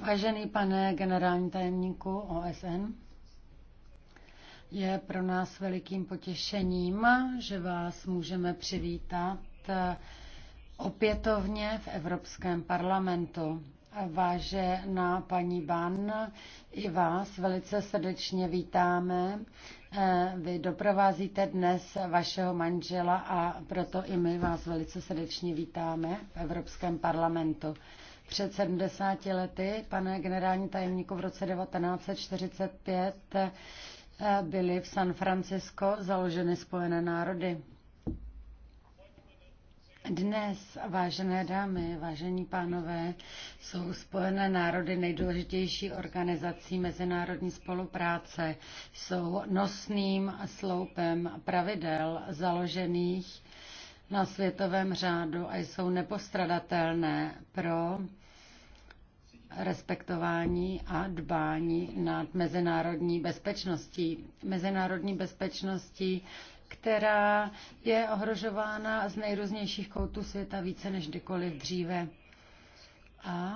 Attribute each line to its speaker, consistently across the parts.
Speaker 1: Vážený pane generální tajemníku OSN, je pro nás velikým potěšením, že vás můžeme přivítat eh, opětovně v Evropském parlamentu. Vážená paní Ban, i vás velice srdečně vítáme. Eh, vy doprovázíte dnes vašeho manžela a proto i my vás velice srdečně vítáme v Evropském parlamentu. Před 70 lety, pane generální tajemníku, v roce 1945 eh, byly v San Francisco založeny Spojené národy. Dnes, vážené dámy, vážení pánové, jsou Spojené národy nejdůležitější organizací mezinárodní spolupráce. Jsou nosným sloupem pravidel založených na světovém řádu a jsou nepostradatelné pro respektování a dbání nad mezinárodní bezpečností. Mezinárodní bezpečností, která je ohrožována z nejrůznějších koutů světa více než kdykoliv dříve. A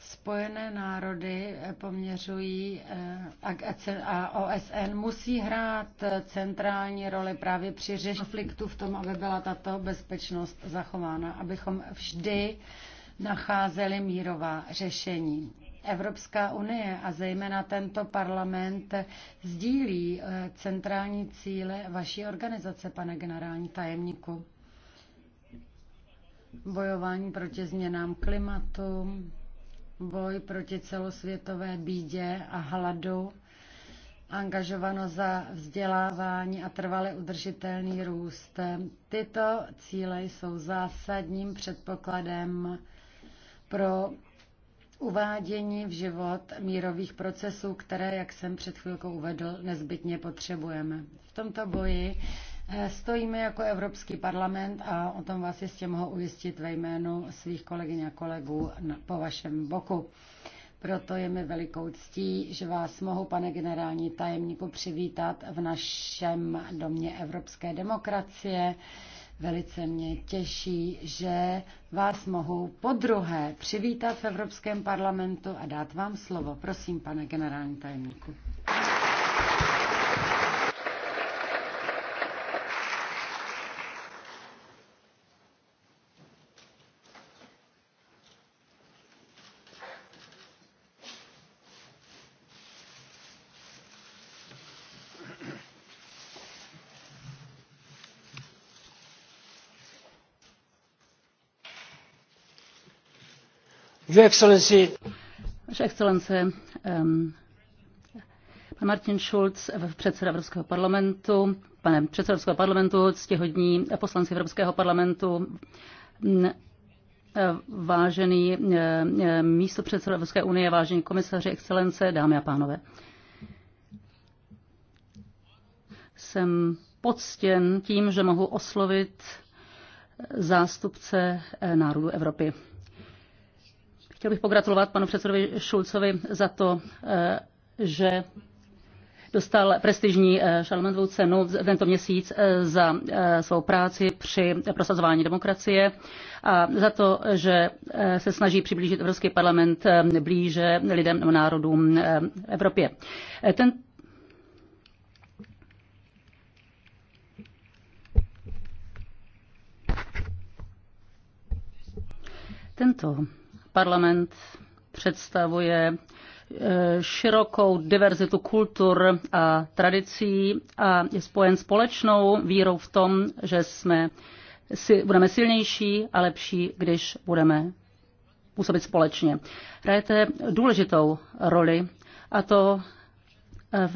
Speaker 1: Spojené národy poměřují eh, a OSN musí hrát centrální roli právě při řešení konfliktu v tom, aby byla tato bezpečnost zachována, abychom vždy nacházeli mírová řešení. Evropská unie a zejména tento parlament sdílí eh, centrální cíle vaší organizace, pane generální tajemníku. Bojování proti změnám klimatu, boj proti celosvětové bídě a hladu, angažovano za vzdělávání a trvale udržitelný růst. Tyto cíle jsou zásadním předpokladem pro uvádění v život mírových procesů, které, jak jsem před chvilkou uvedl, nezbytně potřebujeme. V tomto boji eh, stojíme jako Evropský parlament a o tom vás jistě mohu ujistit ve jménu svých kolegyň a kolegů po vašem boku. Proto je mi velikou ctí, že vás mohu, pane generální tajemníku, přivítat v našem domě evropské demokracie. Velice mě těší, že vás mohu druhé přivítat v Evropském parlamentu a dát vám slovo. Prosím, pane generální tajemníku.
Speaker 2: Your Excellency. Vaše excelence, um, pan Martin Schulz, předseda Evropského parlamentu, pane předseda Evropského parlamentu, ctihodní poslanci Evropského parlamentu, e, vážený e, e, místo předseda Evropské unie, vážení komisaři, excelence, dámy a pánové. Jsem poctěn tím, že mohu oslovit zástupce národů Evropy. Chtěl bych pogratulovat panu předsedovi Šulcovi za to, eh, že dostal prestižní Šalmantovou eh, cenu tento měsíc eh, za svou práci při prosazování demokracie a za to, že se snaží přiblížit Evropský parlament blíže lidem nebo národům Evropě. Ten Tento Parlament představuje eh, širokou diverzitu kultur a tradicí a je spojen společnou vírou v tom, že jsme si, budeme silnější a lepší, když budeme působit společně. Hrajete důležitou roli a to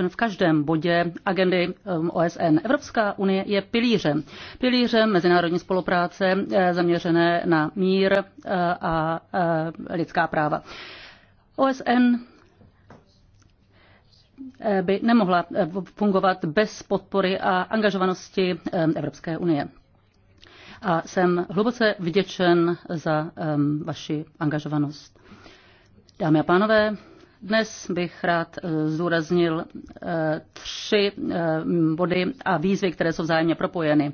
Speaker 2: v každém bodě agendy um, OSN. Evropská unie je pilířem. Pilířem mezinárodní spolupráce eh, zaměřené na mír eh, a eh, lidská práva. OSN by nemohla fungovat bez podpory a angažovanosti Evropské unie. A jsem hluboce vděčen za vaši angažovanost. Dámy a pánové, dnes bych rád eh, zúraznil eh, tři eh, body a výzvy, které jsou vzájemně propojeny.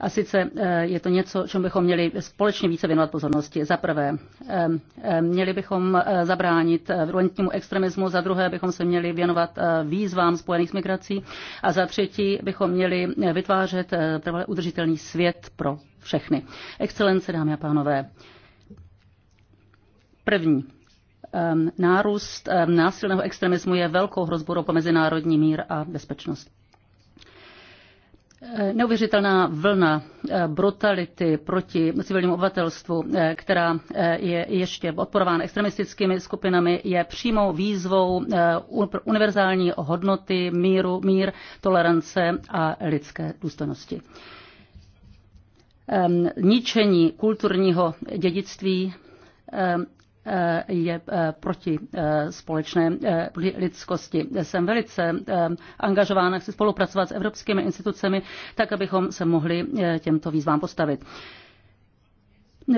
Speaker 2: A sice je to něco, čemu bychom měli společně více věnovat pozornosti. Za prvé, měli bychom zabránit violentnímu extremismu, za druhé bychom se měli věnovat výzvám spojených s migrací a za třetí bychom měli vytvářet trvalé udržitelný svět pro všechny. Excelence, dámy a pánové. První nárůst násilného extremismu je velkou hrozbou pro mezinárodní mír a bezpečnost. E, neuvěřitelná vlna e, brutality proti civilnímu obyvatelstvu, e, která je ještě odporována extremistickými skupinami, je přímou výzvou univerzální hodnoty míru, mír, tolerance a lidské důstojnosti. Ničení kulturního dědictví Eh, je eh, proti eh, společné lidskosti. Jsem velice angažována, chci spolupracovat s evropskými institucemi, tak abychom se mohli těmto výzvám postavit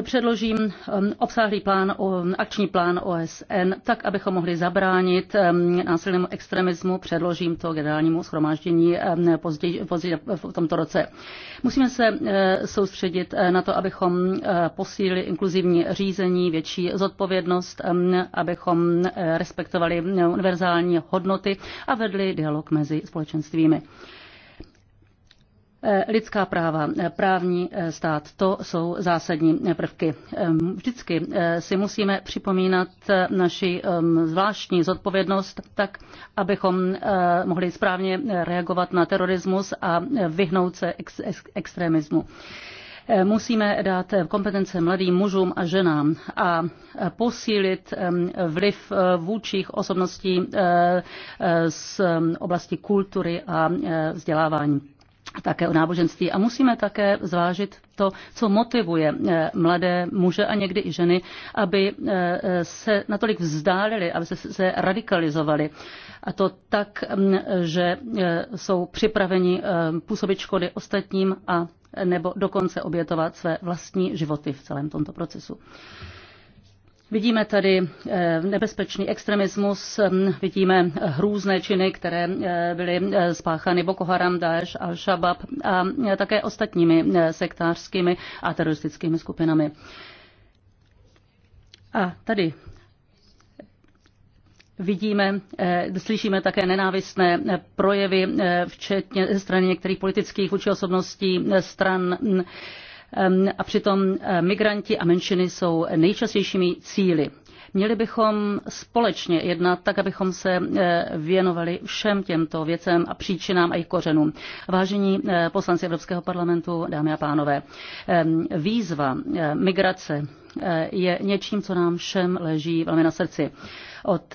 Speaker 2: předložím um, obsáhlý plán, akční plán OSN, tak, abychom mohli zabránit um, násilnému extremismu. Předložím to generálnímu schromáždění um, později, později v tomto roce. Musíme se uh, soustředit uh, na to, abychom uh, posílili inkluzivní řízení, větší zodpovědnost, abychom respektovali univerzální hodnoty a vedli dialog mezi společenstvími. Eh, lidská práva, eh, právní eh, stát, to jsou zásadní prvky. Ehm, vždycky si musíme připomínat naši ehm, zvláštní zodpovědnost tak, abychom mohli správně reagovat na terorismus a vyhnout se ex- ex- extremismu musíme dát kompetence mladým mužům a ženám a posílit ehm, vliv vůčích osobností z oblasti kultury a vzdělávání také o náboženství. A musíme také zvážit to, co motivuje eh, mladé muže a někdy i ženy, aby eh, se natolik vzdálili, aby se, se radikalizovali. A to tak, mm, že eh, jsou připraveni působit škody ostatním a nebo dokonce obětovat své vlastní životy v celém tomto procesu. Vidíme tady eh, nebezpečný extremismus, hm, vidíme eh, hrůzné činy, které eh, byly spáchány Boko Haram, Daesh, Al-Shabaab a také ostatními sektářskými a teroristickými skupinami. A tady vidíme, slyšíme také nenávistné projevy, včetně ze strany některých politických vůči osobností stran hm, a přitom eh, migranti a menšiny jsou nejčastějšími cíly. Měli bychom společně jednat tak, abychom se eh, věnovali všem těmto věcem a příčinám a jejich kořenům. Vážení eh, poslanci Evropského parlamentu, dámy a pánové, výzva migrace je něčím, co nám všem leží velmi na srdci. Od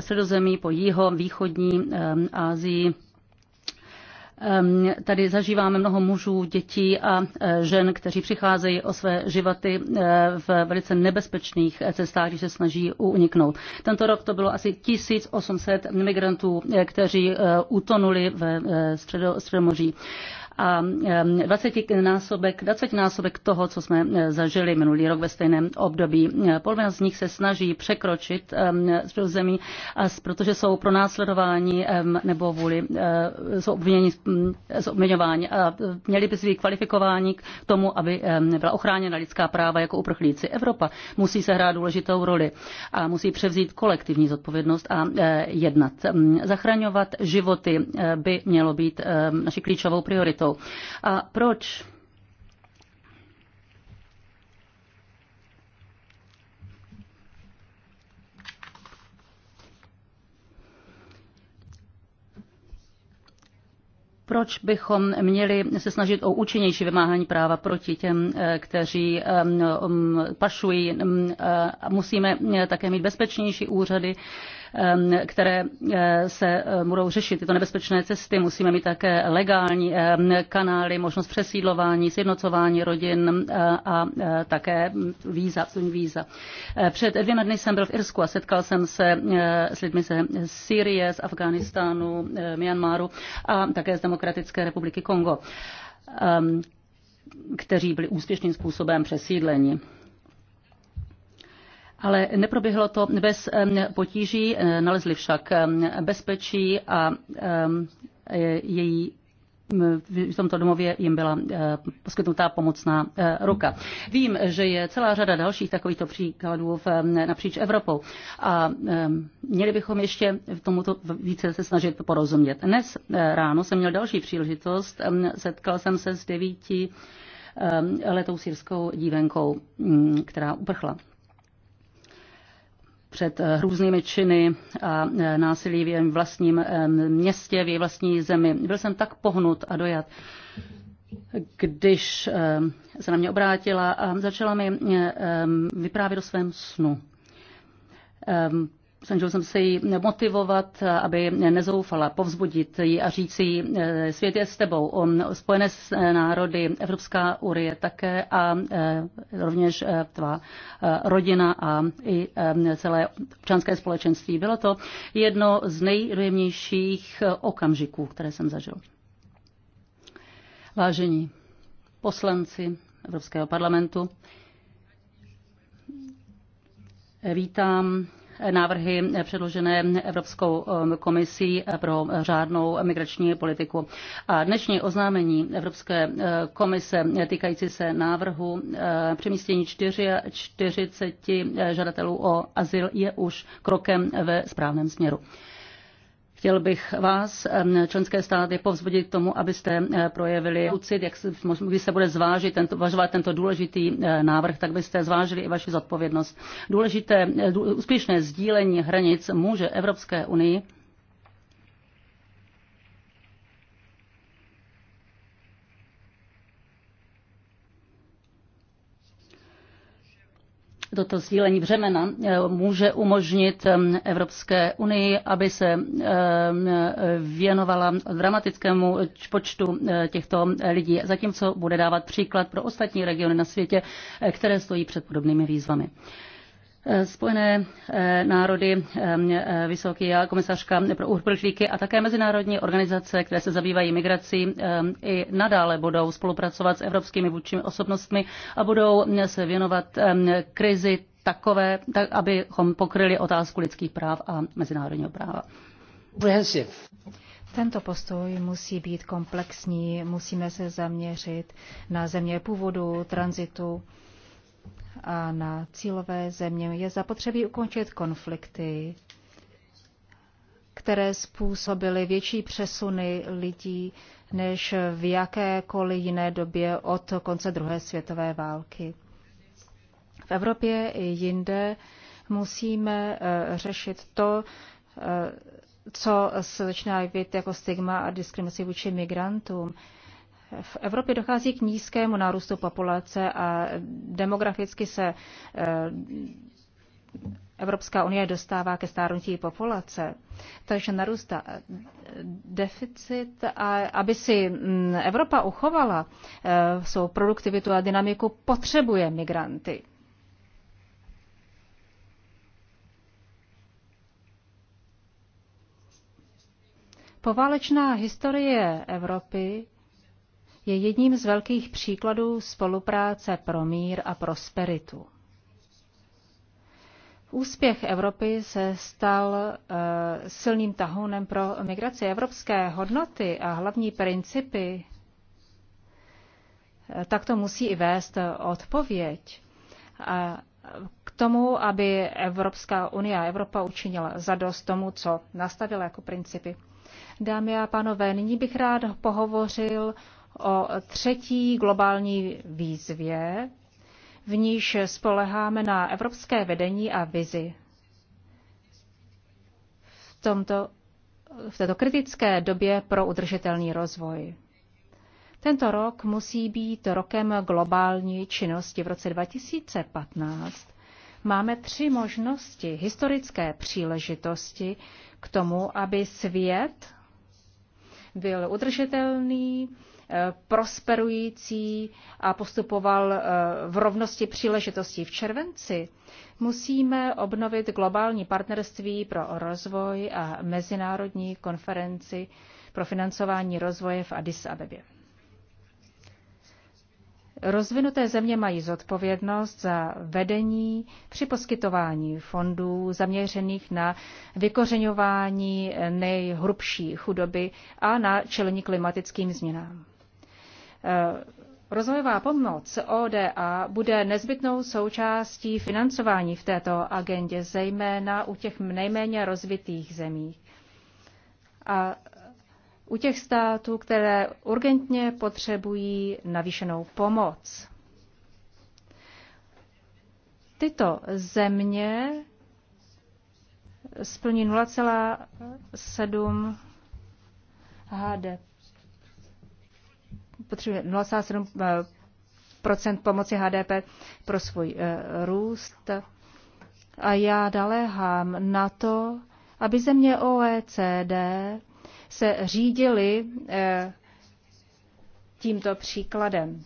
Speaker 2: středozemí po jiho, východní Asii Ehm, tady zažíváme mnoho mužů, dětí a e, žen, kteří přicházejí o své životy e, v velice nebezpečných e, cestách, když se snaží uniknout. Tento rok to bylo asi 1800 migrantů, kteří utonuli ve středomoří a 20-násobek, 20 násobek toho, co jsme zažili minulý rok ve stejném období. Polovina z nich se snaží překročit zemí, protože jsou pro následování nebo vůli, e, jsou obviněni, z obměňování a e, měli by svý kvalifikování k tomu, aby byla ochráněna lidská práva jako uprchlíci. Evropa musí se hrát důležitou roli a musí převzít kolektivní zodpovědnost a e, jednat. Zachraňovat životy by mělo být naší klíčovou prioritou a proč? Proč bychom měli se snažit o účinnější vymáhání práva proti těm, eh, kteří pašují? Eh, musíme eh, také mít bezpečnější úřady, které se budou řešit tyto nebezpečné cesty. Musíme mít také legální kanály, možnost přesídlování, sjednocování rodin a také víza, víza. Před dvěma dny jsem byl v Irsku a setkal jsem se s lidmi ze Syrie, z Afghánistánu, Myanmaru a také z demokracie Demokratické republiky Kongo, um, kteří byli úspěšným způsobem přesídleni ale neproběhlo to bez um, potíží, eh, nalezli však um, bezpečí a její Eh, v tomto domově jim byla eh, poskytnutá pomocná eh, ruka. Vím, že je celá řada dalších takovýchto příkladů v, napříč Evropou a měli bychom ještě v tomuto více se snažit porozumět. Dnes ráno jsem měl další příležitost, setkal jsem se s devíti letou sírskou dívenkou, mm, která uprchla před eh, různými činy a eh, násilí v jejím vlastním městě, v její vlastní zemi. Byl jsem tak pohnut a dojat, když se na mě obrátila a začala mi eh, vyprávět o svém snu. Snažil jsem se ji motivovat, aby nezoufala, povzbudit ji a říct jí, eh, svět je s tebou, On, Spojené eh, národy, Evropská unie také a eh, rovněž tvá rodina a i celé občanské společenství. Bylo to jedno z nejdojemnějších okamžiků, které jsem zažil. Vážení poslanci Evropského parlamentu, vítám návrhy předložené Evropskou um, komisí pro řádnou migrační politiku. A dnešní oznámení Evropské uh, komise týkající se návrhu uh, přemístění 44 žadatelů o azyl je už krokem ve správném směru. Chtěl bych vás, členské státy, povzbudit k tomu, abyste eh, projevili ucit, jak se, když se bude zvážit tento, važovat tento důležitý eh, návrh, tak byste zvážili i vaši zodpovědnost. Důležité, eh, úspěšné sdílení hranic může Evropské unii toto sdílení břemena eh, může umožnit eh, Evropské unii, aby se eh, věnovala dramatickému počtu těchto lidí, zatímco bude dávat příklad pro ostatní regiony na světě, které stojí před podobnými výzvami. Eh, Spojené eh, národy, eh, vysoký komisařka pro uprchlíky a také mezinárodní organizace, které se zabývají migrací, i nadále budou spolupracovat s evropskými vůdčími osobnostmi a budou se věnovat krizi takové, tak abychom pokryli otázku lidských práv a mezinárodního práva.
Speaker 3: Tento postoj musí být komplexní, musíme se zaměřit na země původu, tranzitu, a na cílové země je zapotřebí ukončit konflikty, které způsobily větší přesuny lidí než v jakékoliv jiné době od konce druhé světové války. V Evropě i jinde musíme eh, řešit to, eh, co se začíná jevit jako stigma a diskriminaci vůči migrantům v Evropě dochází k nízkému nárůstu populace a demograficky se eh, Evropská unie dostává ke stárnutí populace, takže narůstá eh, deficit a aby si mm, Evropa uchovala eh, svou produktivitu a dynamiku, potřebuje migranty. Poválečná historie Evropy je jedním z velkých příkladů spolupráce pro mír a prosperitu. Úspěch Evropy se stal uh, silným tahounem pro migraci. Evropské hodnoty a hlavní principy eh, tak to musí i vést odpověď. A k tomu, aby Evropská unie a Evropa učinila zadost tomu, co nastavila jako principy. Dámy a pánové, nyní bych rád pohovořil o třetí globální výzvě, v níž spoleháme na evropské vedení a vizi. V, tomto, v této kritické době pro udržitelný rozvoj. Tento rok musí být rokem globální činnosti. V roce 2015 máme tři možnosti, historické příležitosti k tomu, aby svět byl udržitelný, prosperující a postupoval eh, v rovnosti příležitostí. V červenci musíme obnovit globální partnerství pro rozvoj a mezinárodní konferenci pro financování rozvoje v Addis Abebě. Rozvinuté země mají zodpovědnost za vedení při poskytování fondů zaměřených na vykořeňování nejhrubší chudoby a na čelení klimatickým změnám. Eh, rozvojová pomoc ODA bude nezbytnou součástí financování v této agendě, zejména u těch nejméně rozvitých zemí. A u těch států, které urgentně potřebují navýšenou pomoc. Tyto země splní 0,7 HDP potřebuje 0,7 eh, pomoci HDP pro svůj eh, růst. A já naléhám na to, aby země OECD se řídily eh, tímto příkladem.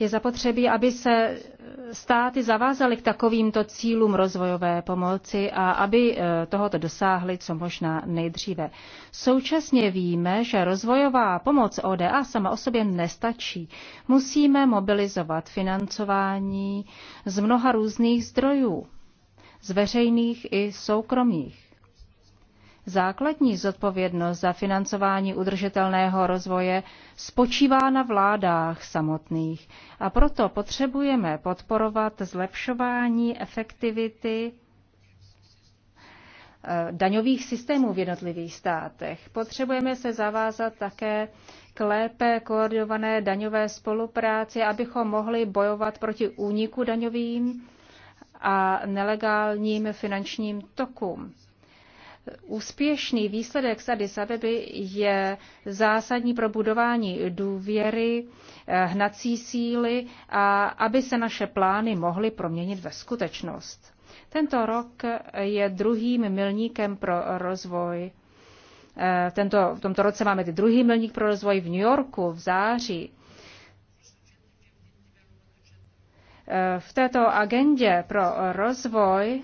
Speaker 3: Je zapotřebí, aby se státy zavázaly k takovýmto cílům rozvojové pomoci a aby e, tohoto dosáhly co možná nejdříve. Současně víme, že rozvojová pomoc ODA sama o sobě nestačí. Musíme mobilizovat financování z mnoha různých zdrojů, z veřejných i soukromých. Základní zodpovědnost za financování udržitelného rozvoje spočívá na vládách samotných a proto potřebujeme podporovat zlepšování efektivity eh, daňových systémů v jednotlivých státech. Potřebujeme se zavázat také k lépe koordinované daňové spolupráci, abychom mohli bojovat proti úniku daňovým a nelegálním finančním tokům. Úspěšný výsledek Addis Abeby je zásadní pro budování důvěry, eh, hnací síly a aby se naše plány mohly proměnit ve skutečnost. Tento rok je druhým milníkem pro rozvoj. Eh, tento, v tomto roce máme ty druhý milník pro rozvoj v New Yorku v září. Eh, v této agendě pro rozvoj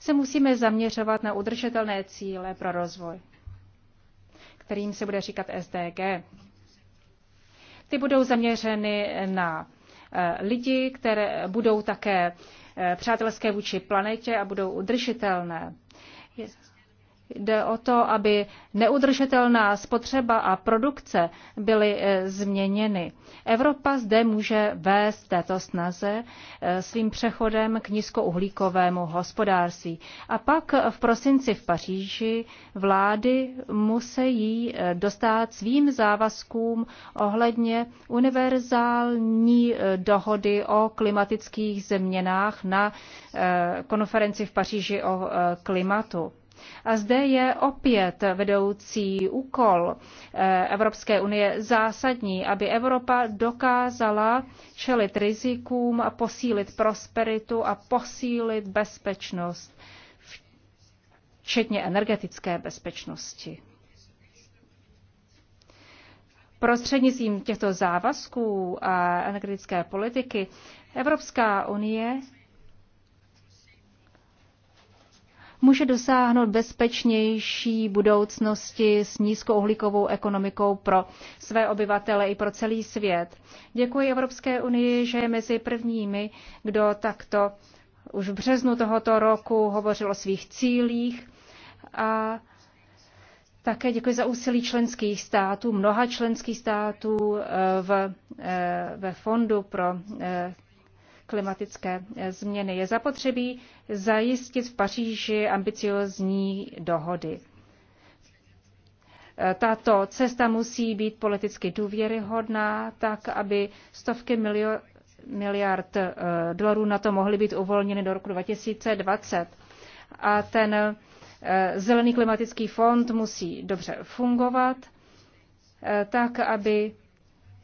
Speaker 3: se musíme zaměřovat na udržitelné cíle pro rozvoj, kterým se bude říkat SDG. Ty budou zaměřeny na eh, lidi, které budou také eh, přátelské vůči planetě a budou udržitelné. Jde o to, aby neudržitelná spotřeba a produkce byly eh, změněny. Evropa zde může vést této snaze eh, svým přechodem k nízkouhlíkovému hospodářství. A pak v prosinci v Paříži vlády musí eh, dostat svým závazkům ohledně univerzální dohody o klimatických změnách na konferenci v Paříži o klimatu. A zde je opět vedoucí úkol eh, Evropské unie zásadní, aby Evropa dokázala čelit rizikům a posílit prosperitu a posílit bezpečnost, včetně energetické bezpečnosti. Prostřednictvím těchto závazků a energetické politiky Evropská unie může dosáhnout bezpečnější budoucnosti s nízkouhlíkovou ekonomikou pro své obyvatele i pro celý svět. Děkuji Evropské unii, že je mezi prvními, kdo takto už v březnu tohoto roku hovořil o svých cílích a také děkuji za úsilí členských států, mnoha členských států eh, v, eh, ve fondu pro eh, klimatické eh, změny. Je zapotřebí zajistit v Paříži ambiciozní dohody. Eh, tato cesta musí být politicky důvěryhodná, tak aby stovky milio- miliard eh, dolarů na to mohly být uvolněny do roku 2020. A ten Zelený klimatický fond musí dobře fungovat, tak aby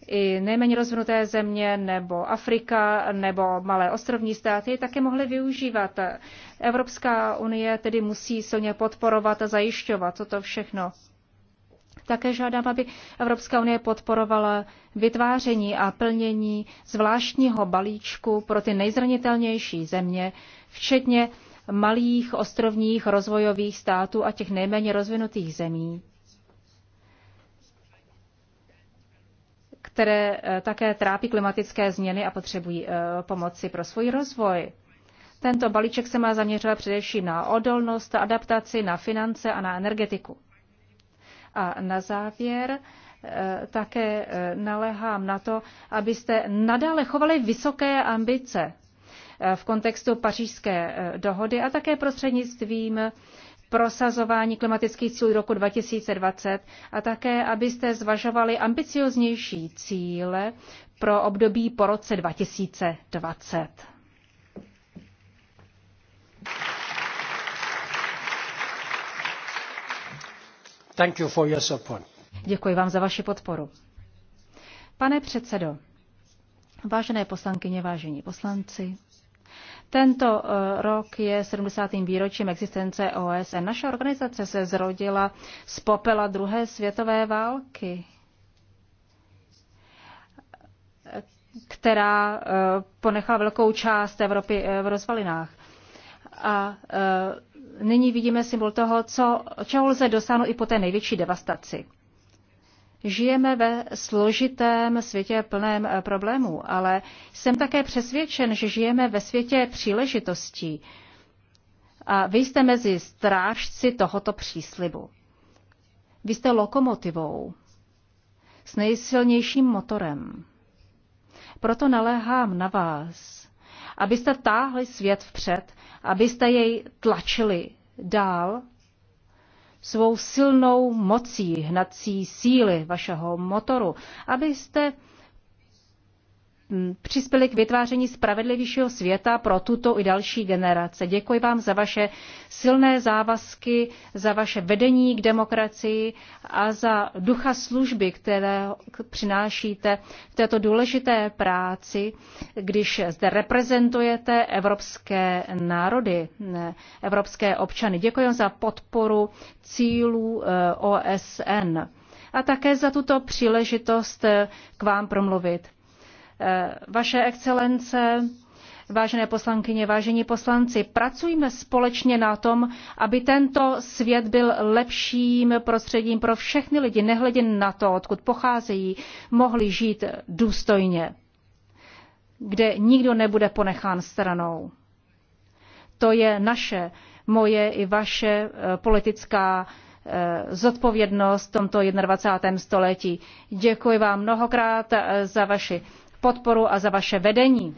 Speaker 3: i nejméně rozvinuté země nebo Afrika nebo malé ostrovní státy také mohly využívat. Evropská unie tedy musí silně podporovat a zajišťovat toto všechno. Také žádám, aby Evropská unie podporovala vytváření a plnění zvláštního balíčku pro ty nejzranitelnější země, včetně malých ostrovních rozvojových států a těch nejméně rozvinutých zemí. které eh, také trápí klimatické změny a potřebují eh, pomoci pro svůj rozvoj. Tento balíček se má zaměřovat především na odolnost, adaptaci, na finance a na energetiku. A na závěr eh, také naléhám na to, abyste nadále chovali vysoké ambice v kontextu pařížské dohody a také prostřednictvím prosazování klimatických cílů roku 2020 a také, abyste zvažovali ambicioznější cíle pro období po roce 2020.
Speaker 1: Thank you for your support.
Speaker 3: Děkuji vám za vaši podporu. Pane předsedo, vážené poslankyně, vážení poslanci, tento eh, rok je 70. výročím existence OSN. Naše organizace se zrodila z popela druhé světové války, která eh, ponechala velkou část Evropy eh, v rozvalinách. A nyní vidíme symbol toho, co, čeho lze dosáhnout i po té největší devastaci. Žijeme ve složitém světě plném eh, problémů, ale jsem také přesvědčen, že žijeme ve světě příležitostí. A vy jste mezi strážci tohoto příslibu. Vy jste lokomotivou s nejsilnějším motorem. Proto naléhám na vás, abyste táhli svět vpřed, abyste jej tlačili dál svou silnou mocí hnací síly vašeho motoru, abyste přispěli k vytváření spravedlivějšího světa pro tuto i další generace. Děkuji vám za vaše silné závazky, za vaše vedení k demokracii a za ducha služby, které přinášíte v této důležité práci, když zde reprezentujete evropské národy, evropské občany. Děkuji vám za podporu cílů eh, OSN a také za tuto příležitost eh, k vám promluvit. Eh, vaše excelence, vážené poslankyně, vážení poslanci, pracujme společně na tom, aby tento svět byl lepším prostředím pro všechny lidi, nehledě na to, odkud pocházejí, mohli žít důstojně, kde nikdo nebude ponechán stranou. To je naše, moje i vaše eh, politická eh, zodpovědnost v tomto 21. století. Děkuji vám mnohokrát za vaši podporu a za vaše vedení.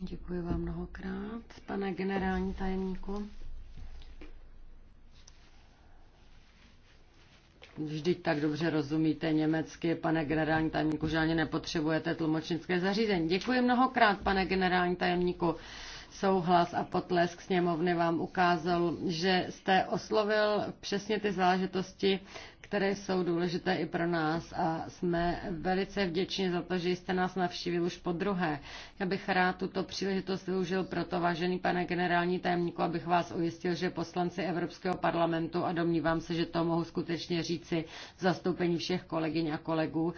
Speaker 2: Děkuji vám
Speaker 1: mnohokrát, pane generální tajemníku. Vždyť tak dobře rozumíte německy, pane generální tajemníku, že ani nepotřebujete tlumočnické zařízení. Děkuji mnohokrát, pane generální tajemníku souhlas a potlesk sněmovny vám ukázal, že jste oslovil přesně ty záležitosti, které jsou důležité i pro nás a jsme velice vděční za to, že jste nás navštívil už po druhé. Já bych rád tuto příležitost využil proto, vážený pane generální tajemníku, abych vás ujistil, že poslanci Evropského parlamentu a domnívám se, že to mohu skutečně říci zastoupení všech kolegyň a kolegů,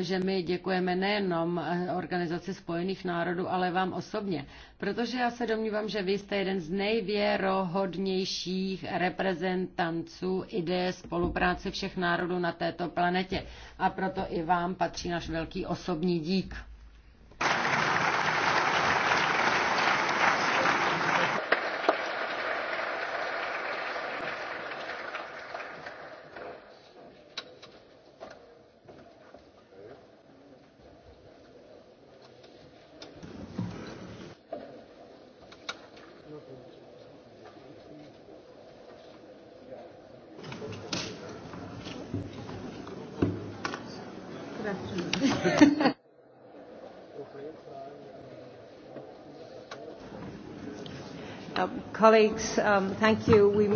Speaker 1: že my děkujeme nejenom eh, Organizaci spojených národů, ale vám osobně. Protože já se domnívám, že vy jste jeden z nejvěrohodnějších reprezentanců ideje spolupráce všech národů na této planetě. A proto i vám patří náš velký osobní dík.
Speaker 3: colleagues, um, thank you. We...